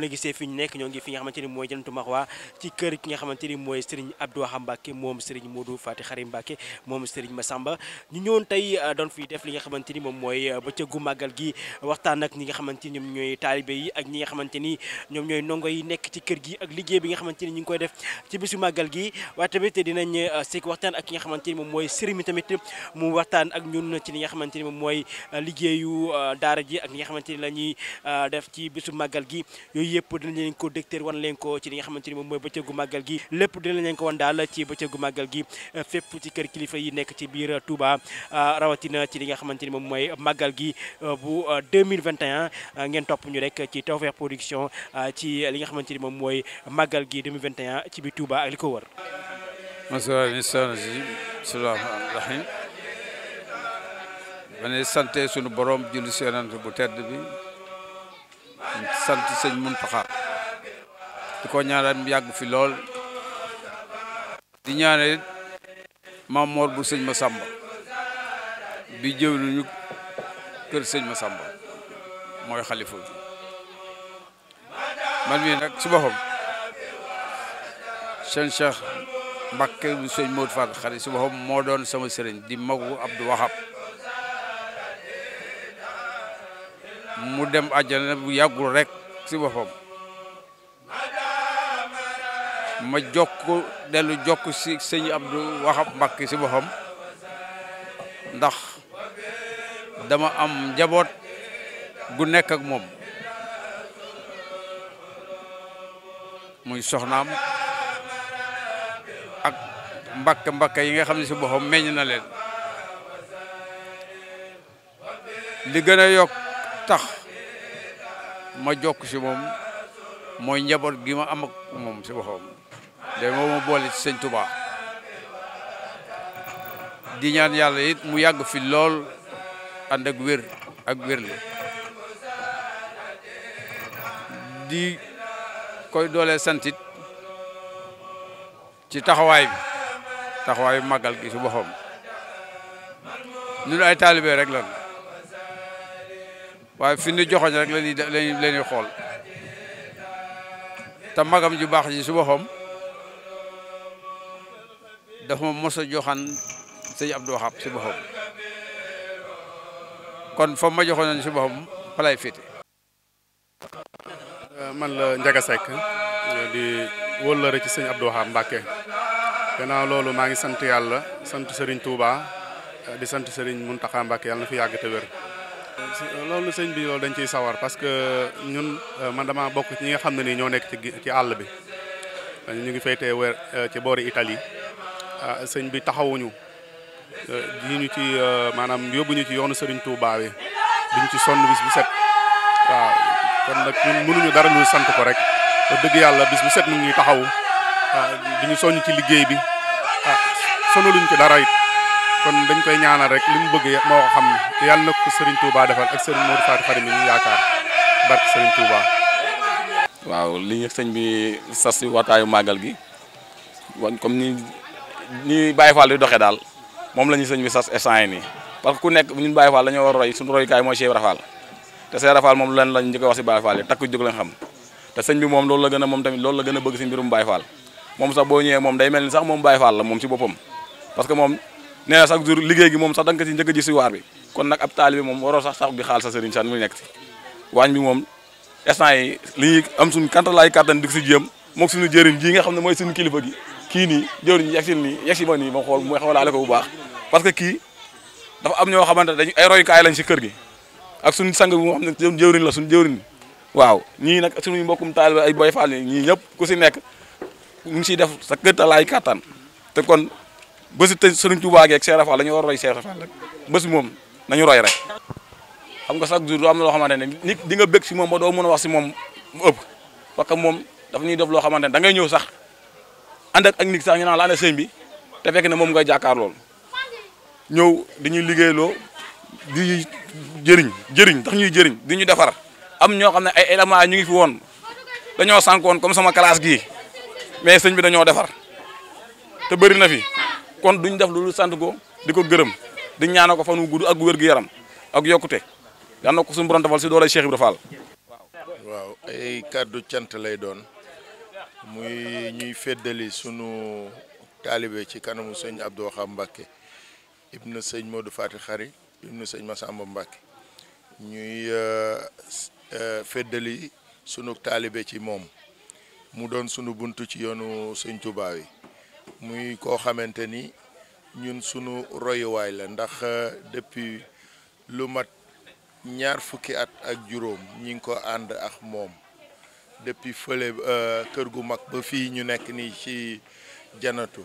ko gisee fi ñu nekk ñoo ngi fi nga xamante ni mooy Jannatul Maxwa ci kër ki nga xamante ni mooy Serigne Abdou Wahab Mbacké moom Serigne Modou Faty Khary Mbacké moom Serigne Massamba ñu ñëwoon tey euh, doon fi def li nga xamante ni moom mooy euh, bëccëgu màggal gi waxtaan ak ñi nga xamante ni ñoom ñooy taalibe yi ak ñi nga xamante ni ñoom ñooy ndongo yi nekk ci kër gi ak liggéey bi nga xamante ni ñu ngi koy def ci bisu màggal gi waaye tamit dinañ euh, seek waxtaan ak ki nga xamante ni moom mooy sëriñ mi tamit mu waxtaan ak ñun ci li nga xamante ni moom mooy liggéeyu daara ji ak ñi nga xamante ni la ñuy def ci bisu màggal gi yooyu yépp yëpp dinañ leen ko dégteer wan leen ko ci li nga xamante ni moom mooy bëccëgu màggal gi lépp dinañ leen ko wan daal ci bëccëgu màggal gi fépp ci kër kilifa yi nekk ci biir Touba rawatina ci li nga xamante ni moom mooy màggal gi bu 2021 ngeen topp rek ci Tawfekh Production ci li nga xamante ni moom mooy màggal gi 2021 ci biir Touba ak li ko war ma ne sunu borom julli bu sant sëñ Muntaxa di ko ñaanal mu yàgg fi lool di ñaanal maam Mor bu sëñ Masamba bi jëw nañu kër sëñ Masamba mooy xalifa bi man mii nag ci boppam sëñ Cheikh Mbàkke bu sëñ Modou Fall xarit ci boppam moo doon sama sëriñ di magu Abdou Wahab mu dem àjjana bu yàggul rek si boppam ma jokk dellu jokk si sëñ Abdou Wahab mbakki si boppam ndax dama am njaboot gu nekk ak moom muy soxnaam ak mbakka mbakka yi nga xam ne si boppam meññ na leen li gën a yokk tax ma jokk si moom mooy njaboot gi ma am ak moom si boppam day moo ma boole ci sëñ Touba di ñaan yàlla it mu yàgg fi lool ànd ak wér ak wérle di koy doole santit ci taxawaay bi taxawaayu màggal gi si boppam ñun ay taalibe rek lan waaye fi ñu joxoñ rek la ñuy la xool te magam ju baax ji su boppam dafa mos a joxan sëñ Abdou Wahab si boppam kon fa ma joxoon si boppam fa lay euh, man la Ndiaga Seck euh, di wóllëre ci sëñ Abdou Wahab Mbacke gannaaw loolu maa ngi sant yàlla sant sëriñ tuuba euh, di sant Serigne taxa Mbacke yàlla na fi yàgg te wér Euh, loolu sëñ bi loolu dañ ciy sawar parce que ñun euh, man dama bokk ci ñi nga xam ne nii ñoo nekk ci ci àll bi euh, ñu ngi féetee weer ci boori Italie ah, sëñ bi taxawuñu ji ñu ci maanaam yóbbuñu ci yoonu Serigne Touba bi duñ ci sonn bis bu set waaw kon nag mënuñu dara ñu sant ko rek te dëgg yàlla bis bu set mu ngi taxaw ah, di ñu soññ ci liggéey bi ah sonaluñ ci dara kon dañ koy ñaanal rek li mu bëgg moo ko xam yàlla na ko Serigne Touba defal ak Serigne Modou Fatou Khary mi ñu yaakaar barke waaw li ñu sëñ bi sas si waxtaayu màggal gi wan comme ni ni Baye Fall di doxee daal ñu sëñ bi sas instant nii parce que ku nekk ñun Baye Fall dañoo a roy suñu royukaay mooy Cheikh Ibra Fall te Cheikh Ibra moom lan lañ njëkk a wax si Baye Fall yi takku jóg lañ xam te sëñ bi moom loolu la gën a moom tamit loolu la gën bëgg si mbirum baay Fall moom sax boo ñëwee moom day mel ni sax moom Baye Fall la moom si boppam parce que moom nee na chaque jour liggéey gi moom sax da nga ko ci njëkk a ji si waar bi kon nag ab taalibe moom waroo sax sax di xaal sa sëriñ san mu nekk ci waañ bi moom instant yi li ñuy am suñ kantalaay kàttan di ko si jéem mook suñu jëriñ ji nga xam ne mooy suñu kilifa kii nii jëriñ yegsil nii yegsi ma nii ma xool mu xoolaale ko bu baax que kii dafa am ñoo xamante dañu ay royukaay lañ si kër gi ak suñu sang bi moo xam ne jëwriñ la suñu jëwriñ waaw ñii nag suñu mbokkum taalibe ay boy faal ñii ñëpp ku si nekk ñu ngi siy def sa këttalaay kàttan te kon bés it Sëriñ Tuubaa ak Seex Ibra Faal la ñu war a roy Seex Ibra Faal rek bés moom nañu roy rek xam nga chaque jour du am na loo xamante ne nit di nga bëgg si moom ba doo mën a wax si moom mu ëpp parce que moom dafa ñuy def loo xamante ne da ngay ñëw sax ànd ak nit sax ñu naan la ana sëñ bi te fekk ne moom nga jàkkaar lool ñëw dañuy liggéeyloo di jëriñ jëriñ tax ñuy jëriñ di ñu defar am ñoo xam ne ay éléments ñu ngi fi woon dañoo sànk woon comme sama classe gii mais sëñ bi dañoo defar te bëri na fi kon duñ def loolu sant ko di ko gërëm di ñaanal ko fan wu gudd ak wér-gu-yaram ak yokkute yal na ko suñu borom defal si doole Cheikh Ibra Fall. waaw ay kàddu cant lay doon muy ñuy feddali sunu taalibe ci kanamu sëñ Abdou Wahab Mbacke sëñ Modou Fati Xari ibnu sëñ Massamba Mbacke ñuy eh, eh, feddali sunu taalibe ci moom mu doon sunu bunt ci yoonu sëñ Touba yi muy koo xamante ni ñun sunu royuwaay la ndax euh, depuis lu mat ñaar fukki at ak juróom ñi ngi ko ànd ak moom depuis fële euh, kër gu mag ba fii ñu nekk nii ci janatu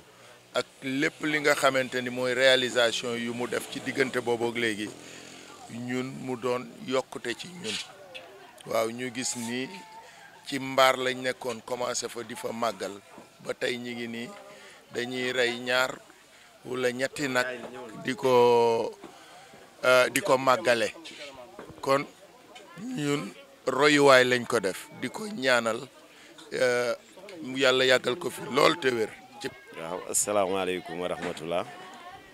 ak lépp li nga xamante ni mooy réalisation yu mu def ci diggante boobu léegi ñun mu doon yokkute ci ñun waaw ñu gis ni ci mbaar lañ nekkoon commencé fa di fa màggal ba tey ñi ngi nii dañuy rey ñaar walla ñetti nag di ko euh, di ko màggale kon ñun royuwaay lañ ko def di ko ñaanal euh, yàlla yàggal ko fi lool te wér ci waaw asalaamaaleykum wa rahmatullah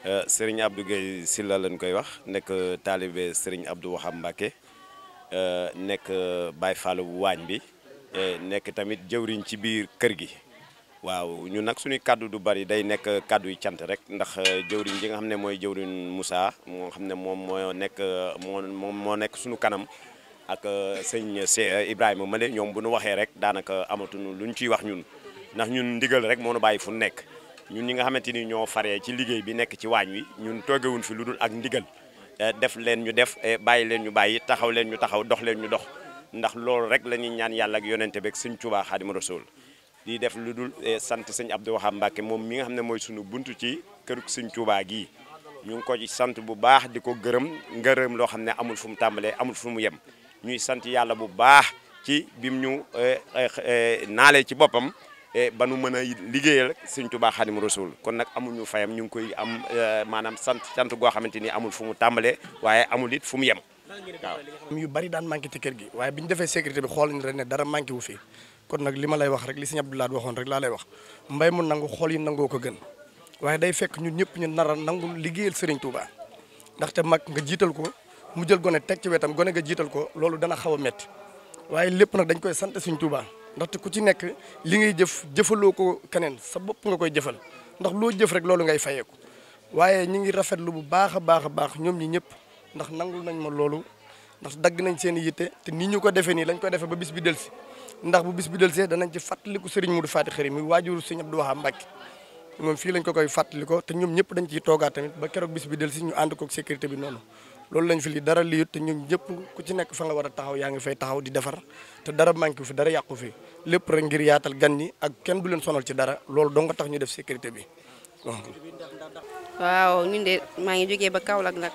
euh, Serigne Abdou Gueye Sylla lañ koy wax nekk taalibe Serigne Abdou Wahab Mbacké nekk Baye Fallou bu waañ bi nekk tamit jëwriñ ci biir kër gi waaw ñun nag suñuy kàddu du bari day nekk kàddu yu cant rek ndax euh, jëwriñ ji nga xam ne mooy jëwriñ Moussa moo xam ne moom moo nekk moo moo nekk suñu kanam ak euh, sëñ euh, ma Male ñoom bu nu waxee rek daanaka amatuñu ñu ciy wax ñun ndax ñun ndigal rek moo nu bàyyi fu nekk ñun ñi nga xamante ni ñoo faree ci liggéey bi nekk ci waañ wi ñun toogewuñ fi lu dul ak ndigal def leen ñu def bàyyi leen ñu bàyyi taxaw leen ñu taxaw dox leen ñu dox ndax loolu rek la ñuy ñaan yàlla ak yonente beeg sëñ Tuubaa Xaadimu Rasuul di def lu dul eh, sant sëñ Abdou Wahab Mbacke moom mi nga xam ne mooy sunu buntu ci këruk sëñ Touba gi ñu ngi ko ci sant bu baax di ko gërëm ngërëm loo xam ne amul fu mu tàmbalee amul fu mu yem ñuy sant yàlla bu baax ci bim ñu eh, eh, naalee ci boppam ba nu mën a liggéeyal sëñ Touba Xaadimu Rasuul kon nag amuñu fayam ñu ngi koy am maanaam sant sant goo xamante ni amul fu mu tàmbalee waaye amul it fu mu yem waaw. yu bari daan manqué ci kër gi waaye bi defee sécurité bi xool nañ ren ne dara manqué wu fi. kon nag li ma lay wax rek li sëñ Abdou Lahad waxoon rek laa lay wax mbay mu nangu xool yi nangoo ko gën waaye day fekk ñun ñëpp ñu nar a nangu liggéeyal Serigne Touba ndaxte mag nga jiital ko mu jël gone teg ci wetam gone nga jiital ko loolu dana xaw a métti waaye lépp nag dañ koy sant Serigne Touba ndaxte ku ci nekk li ngay jëf jëfaloo ko keneen sa bopp nga koy jëfal ndax loo jëf rek loolu ngay fayeeku waaye ñu ngi rafetlu bu baax a baax a baax ñoom ñi ñëpp ndax nangu nañ ma loolu ndax dagg nañ seen yitte te ni ñu ko defee nii lañ koy defee ba bis bi si ndax bu bis bi del see danañ ci fàttaliku Serigne Modou Faty Khary mi waajuru Serigne Abdou Wahab Mbacké moom fii lañ ko koy fàttaliko te ñoom ñëpp dañ ciy toogaat tamit ba keroog bis bi del si ñu ànd kook sécurité bi noonu loolu lañ fi dara liyut te ñoom ñëpp ku ci nekk fa war a taxaw yaa ngi fay taxaw di defar te dara manqué fi dara yàqu fi lépp rek ngir yaatal gan ñi ak kenn du leen sonal ci dara loolu dong tax ñu def sécurité bi waaw ñun de maa ngi jógee ba Kaolack nag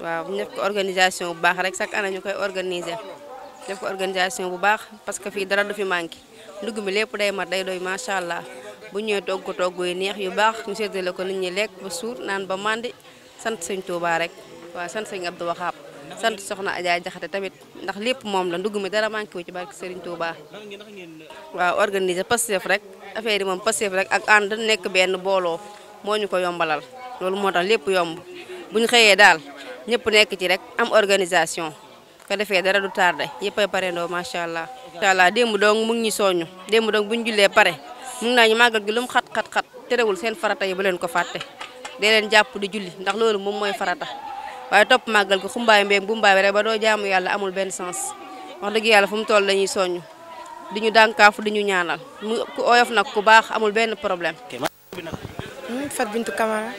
waaw ñu organisation bu baax rek chaque année ñu koy organiser def ko organisation bu baax parce que fii dara du fi manqué ndugg mi lépp day mat day doy macha allah bu ñëwee togg ko togg yu neex yu baax ñu séddale ko nit ñi lekk ba suur naan ba mandi sant sëñ Touba rek waa sant sëñ Abdou Wahab sant soxna Adja Jaxate tamit ndax lépp moom la ndugg mi dara manqué wu ci barke Serigne Touba. waaw organiser Pastef rek affaire yi moom Pastef rek ak ànd nekk benn booloo moo ñu ko yombalal loolu moo tax lépp yomb bu ñu xëyee daal ñëpp nekk ci rek am organisation. ko defee dara du tardé yëpp a pare ndoo macha allah. macha allah démb dong mu ngi ñu démb dong bu ñu jullee pare mu ngi naa ñu màggal gi lu mu xat xat xat terewul seen farata yi bu leen ko fàtte dee leen jàpp di julli ndax loolu moom mooy farata waaye topp màggal gi xumbaay mbéem bumbaay rek ba doo jaamu yàlla amul benn sens wax dëgg yàlla fu mu toll dañuy soñu di ñu dànkaafu di ñu ñaanal mu ku nag ku baax amul benn problème. Hmm, Fat Bintou Camara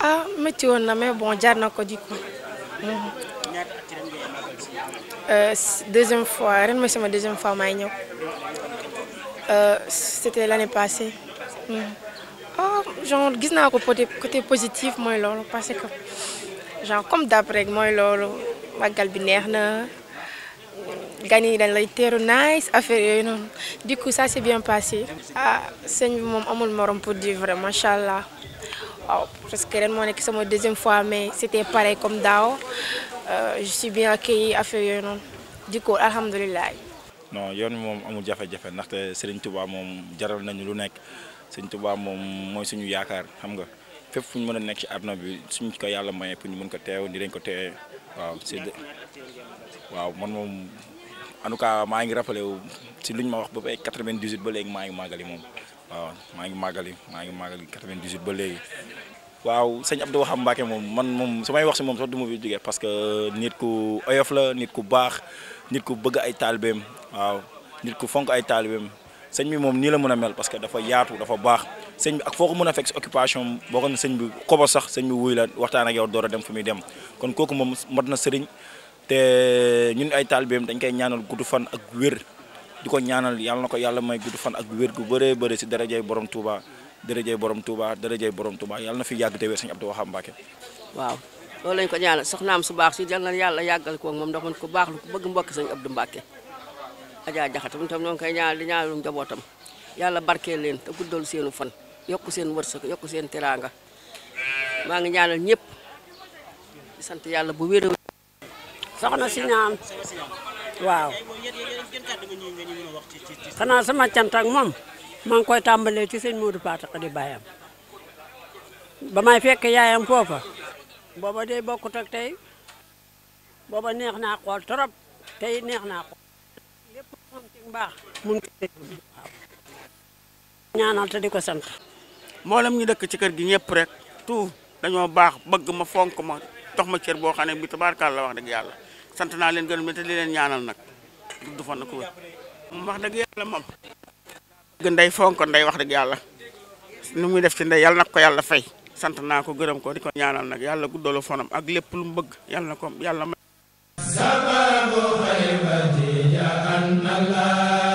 ah métti woon na mais bon jaar na ko jikko euh, deuxième fois ren mooy sama deuxième fois maay ñëw euh, c'était l'année passée hmm. ah genre gis naa ko côté côté positif mooy loolu parce que genre comme d'après mooy loolu màggal bi neex na gan yi dañ lay teeru nice affaire yooyu noonu du coup ça s'est bien passé. ah sëñ bi moom amul moroom pour dire vrai macha allah waaw parce que ren moo nekk sama deuxième fois mais c'était pareil comme daaw euh, je suis bien accueillie affaire yooyu noonu du coup alhamdulilah. non yoon moom amul jafe-jafe ndaxte Serigne Touba moom jaral nañu lu nekk Serigne Touba moom mooy suñu yaakaar xam nga fépp fu ñu mën a nekk ci àdduna bi suñ ko yàlla mayee pour ñu mën ko teew dinañ ko teewee waaw. waaw man moom. en tout cas maa ngi rappelé wu si luñ ma wax ba ay 98 ba léegi maa ngi màggali moom waaw maa ngi màggali maa ngi màggali 98 ba léegi waaw sëñ Abdou Wahab Mbacké moom man moom su may wax si moom sax du ma fi jógee parce que nit ku oyof la nit ku baax nit ku bëgg ay taalibeem waaw nit ku fonk ay taalibeem sëñ bi moom nii la mën a mel parce que dafa yaatu dafa baax sëñ bi ak foo ko mën a fekk si occupation boo ko ne sëñ bi kobo sax sëñ bi wuy la ak yow door a dem fu muy dem kon kooku moom na sëriñ te ñun ay taalibeem dañ koy ñaanal gudd fan ak wér di ko ñaanal yàlla na ko yàlla may gudd fan ak wér gu bëree bëri si darajay borom Touba darajay borom Touba darajay borom Touba yàlla na fi yàgg te wér sëñ Abdou Wahab Mbacké waaw loolu lañ ko ñaanal soxnaam su baax si jël na yàlla yàggal ko moom ndax man ko baax lu ko bëgg mbokki sëñ Abdou Mbacké Adja Jaxate tam ñoo ngi koy ñaanal di ñaanal njabootam yàlla barkee leen te guddal seenu fan yokk seen wërsëg yokk seen teraanga maa ngi ñaanal ñëpp sant yàlla bu wér soxna si ñaan waaw xanaa sama cant ak moom maa ngi koy tàmbalee ci sëñ Modou Patak di bàyyam ba may fekk yaayam foofa booba day bokkut ak tey booba neex naa xool trop tey neex naa xool lépp moom ci mbaax ko sant mboolem ñu dëkk ci kër gi ñëpp rek tout dañoo baax bëgg ma fonk ma dox ma cër boo xam ne bi tabaarkalla la wax dëgg yàlla sant naa leen gërëm te li leen ñaanal nag gudd fan ko wér moom wax dëgg yàlla moom gën day fonk nday wax dëgg yàlla nu muy def ci ndey yàlla nag ko yàlla fay sant naa ko gërëm ko di ko ñaanal nag yàlla guddalu fanam ak lépp lu mu bëgg yàlla na ko yàlla may sababu xaybati ja an allah